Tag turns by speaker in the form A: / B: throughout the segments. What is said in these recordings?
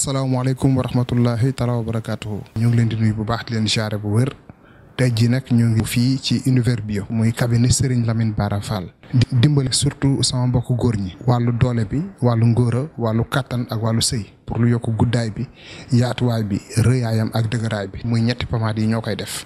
A: asalaamaaleykum wa rahmatullahi taala wa barakaatuhu. ñu ngi leen di nuyu bu baax leen jaare bu wér tey jii nag ñu ngi fii ci univers bio. muy cabinet Serigne Lamine Bara Fall. dimbali surtout sama mbokk góor ñi. wàllu doole bi wàllu ngóora wàllu kàttan ak wàllu sëy pour lu yokk guddaay bi yaatuwaay bi yam ak dëgëraay bi. muy ñetti pomade yi ñoo koy def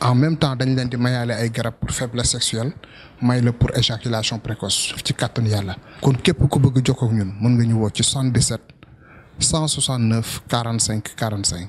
A: en même temps dañ leen di mayaale ay garab pour faiblesse sexuelle may la pour éjaculation précoce. ci kàttan yàlla. kon képp ku bëgg jokkoo ñun mën nga ñu woo ci 77. 169 45 45.